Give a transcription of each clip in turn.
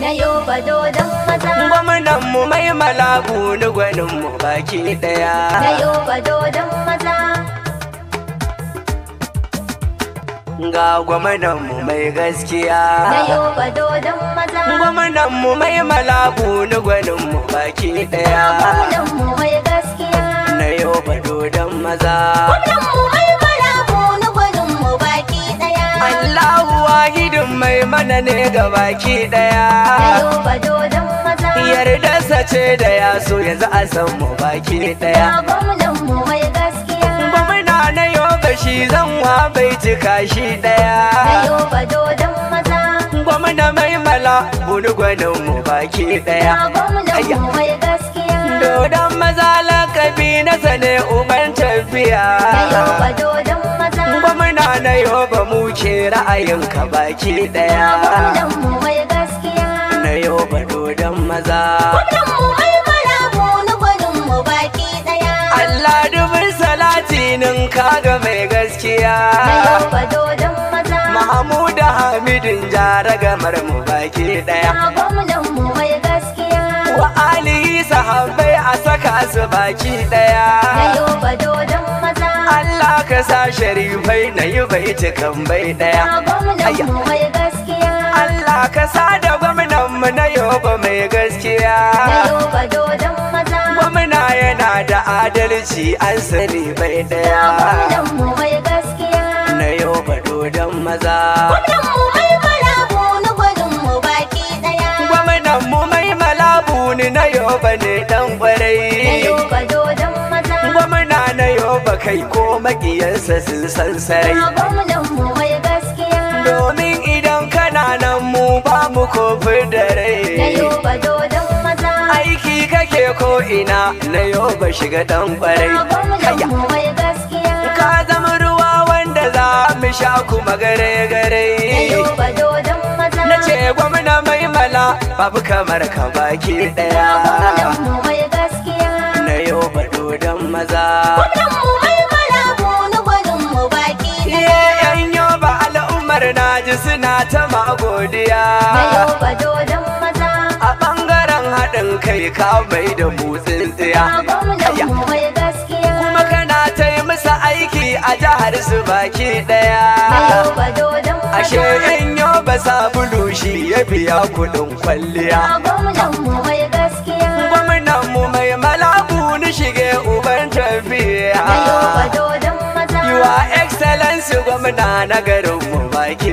na yoba dodon maza gwamnan mu mai malaku ni gwanin mu baki daya na yoba dodon maza ga gwamnan mu mai gaskiya na yoba dodon maza gwamnan mu mai malaku ni gwanin mu baki daya gwamnan mu mai gaskiya na yoba dodon maza gwamnan mu mai mai mana ne ga baki daya Yarda ce da ya so yanzu a san mu baki daya gwamna na yoga shi zan wa bai cika shi daya gwamna mai mala buni gwanin mu baki daya dodon maza lakabi na sane uban tafiya na yoba muke ra'ayinka baki daya na yoba dodon maza Allah dubin salatinin kaga mai gaskiya Mahamudu hamidun jara gamar mu baki daya Wa alihi sahabbai a saka su baki daya Allah ka sa sharifai na yi bai cikan bai daya Allah ka sa da gwamnan mu na yoba mai gaskiya gwamna yana da adalci an sani bai daya na yoba dodon maza gwamnan mu mai malabu ni na yoba ne dan kwarai kai ko makiyarsa sun san sarai domin idan kana nan mu ba mu kofar da rai aiki kake ko ina na yau shiga dan kwarai ka zama ruwa wanda za mu sha kuma gare gare na ce gwamna mai mala babu kamar ka baki daya na yau ba dodon maza ta magodiya a ɓangaren haɗin kai ka bai da mutsin tsiya kuma kana ta yi musu aiki a jihar su baki ɗaya ashe in yau ba sabulu shi ya biya kuɗin kwalliya mu mai malabu shige uban gwamna na nagar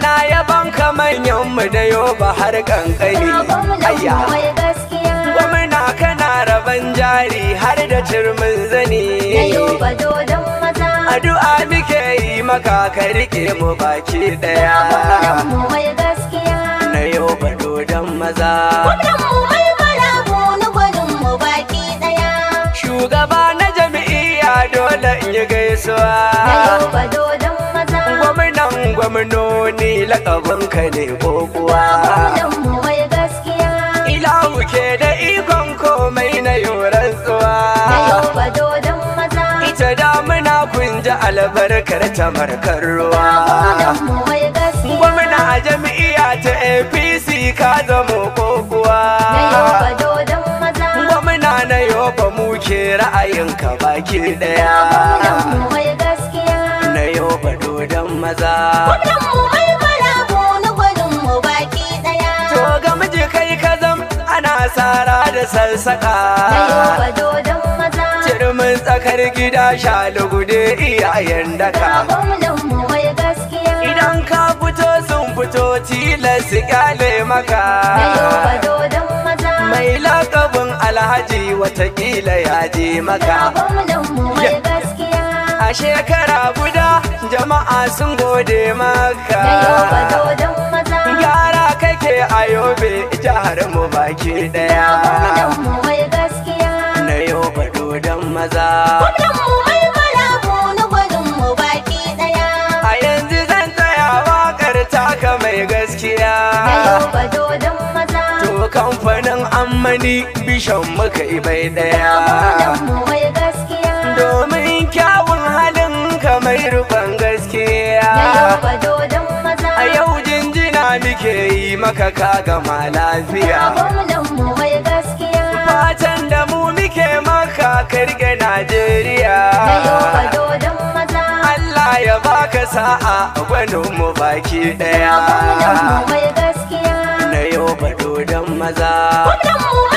na yaban manyan mu da yoba har kankani ayya gwamna kana raban jari har da turmin zani addu'a muke yi maka ka rike mu baki daya na yoba dodon maza mai mu baki shugaba na jami'a dole in yi gaisuwa na ba dodon gwamnoni lakabin ka ne ko kuwa ilahu ke da ikon komai na yoran ita damuna kun ji albarkar tamarkar ruwa gwamna a jam'iyya ta apc ka zamo ko kuwa gwamna na yoba ke ra'ayinka baki daya faɗo don maza. Gwamnan mu mai balago na gwanin mu baki ɗaya. To ga miji kai ka zam ana sara da sassaƙa. Mai faɗo don maza. Cirmin tsakar gida shalugude iyayen daka. Gwamnan mu mai gaskiya. Idan ka fito sun fito tilas kyale maka. Mai faɗo don maza. Mai lakabin alhaji watakila ya ji maka. Gwamnan mu mai gaskiya. a shekara guda jama'a sun gode maka gyara kake a yobe jihar mu baki daya na yau bado don maza a yanzu zan tsaya waƙar taka mai gaskiya to kamfanin ammani bishan muka ibai daya ruban gaskiya a yau jinjina muke yi maka kaga ma lafiya fatan da mu muke maka karge najeriya Allah ya baka sa'a gwanin mu baki daya na yau bado don maza